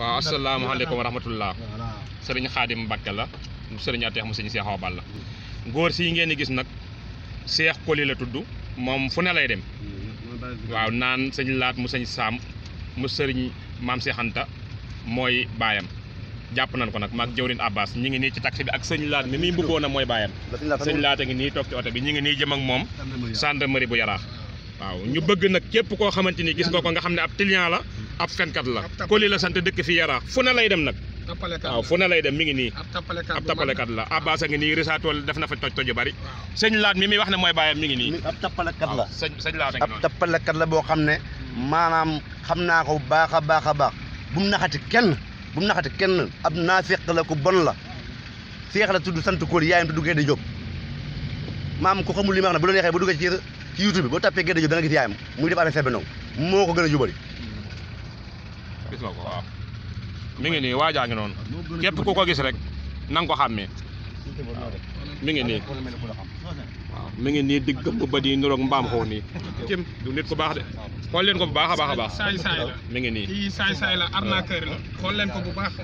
waaw asalaamaaleykum wa rahmatullah sëriñ xaadim Mbàkke la sëriñ Ateex mu sëriñ Seex Awa Balla góor si ngeen di gis nag Seex Koli la tudd moom fu ne lay dem waaw naan sëñ laat mu sëñ saam mu sëriñ maam Seex Anta mooy baayam jàpp nañ ko nag maag jëwrin Abbas ñi ngi nii ci taxi bi ak sëñ laat mi muy bëggoon a mooy baayam sëñ laata ngi nii toog ci oto bi ñi ngi nii jëm ak moom gendarmerie bu yaraax waaw ñu bëgg nag képp koo xamante gis nga ko nga xam ab client la ab fenkat la Koli la sant dëkk fi Yaraax fu na lay dem nag waaw fu lay dem mi ngi nii ab tappalekat la a ngi nii risaatool def na fa toj toj bari sëñ laat mi muy wax ne mooy bàyyam mi ngi nii ab tappalekat la sëñ laat ab tappalekat la boo xam ne maanaam xam naa ko baax a baax a baax bu mu naxati kenn bu mu naxati kenn ab naafeq la ku bon la seex la tudd sant Koli yaayam tudd Gédé Diop maam ku xamul li ma wax bu la neexee bu duggee ci ci YouTube bi boo tappee Gédé Diop da nga gis yaayam muy def affaire bi noonu moo ko gën a jubali gis nga ko waaw mi ngi nii waajaa ngi noonu képp ku ko gis rek na nga ko xàmmee waaw mi ngi nii waaw mi ngi nii digg bu ba di niroog mbaam xaw nii cim du nit ku baax de xool leen ko bu baax a baax a baax mi ngi nii saay saay la arnaqueur la xool leen ko bu baax